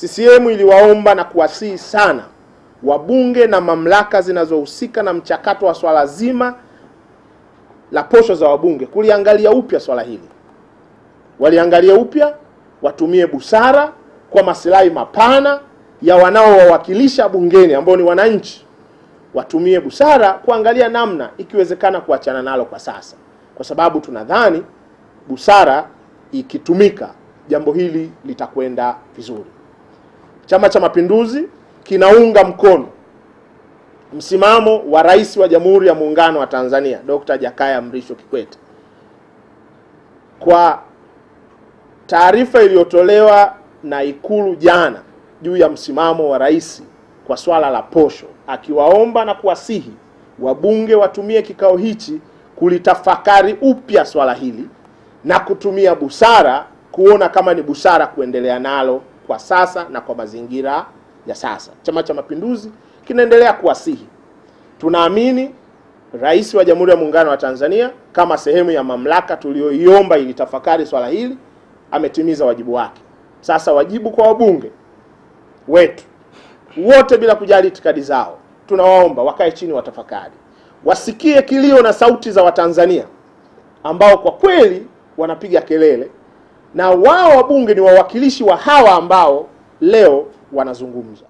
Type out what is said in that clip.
CCM iliwaomba na kuwasihi sana wabunge na mamlaka zinazohusika na mchakato wa swala zima la posho za wabunge kuliangalia upya swala hili, waliangalia upya, watumie busara kwa masilahi mapana ya wanaowawakilisha bungeni ambao ni wananchi. Watumie busara kuangalia namna ikiwezekana kuachana nalo kwa sasa, kwa sababu tunadhani busara ikitumika jambo hili litakwenda vizuri. Chama cha Mapinduzi kinaunga mkono msimamo wa Rais wa Jamhuri ya Muungano wa Tanzania Dr. Jakaya Mrisho Kikwete. Kwa taarifa iliyotolewa na Ikulu jana juu ya msimamo wa rais kwa swala la posho, akiwaomba na kuwasihi wabunge watumie kikao hichi kulitafakari upya swala hili na kutumia busara kuona kama ni busara kuendelea nalo kwa sasa na kwa mazingira ya sasa. Chama cha Mapinduzi kinaendelea kuwasihi, tunaamini Rais wa Jamhuri ya Muungano wa Tanzania kama sehemu ya mamlaka tuliyoiomba ilitafakari swala hili, ametimiza wajibu wake. Sasa wajibu kwa wabunge wetu wote bila kujali itikadi zao, tunawaomba wakae chini, watafakari, wasikie kilio na sauti za Watanzania ambao kwa kweli wanapiga kelele na wao wabunge ni wawakilishi wa hawa ambao leo wanazungumza.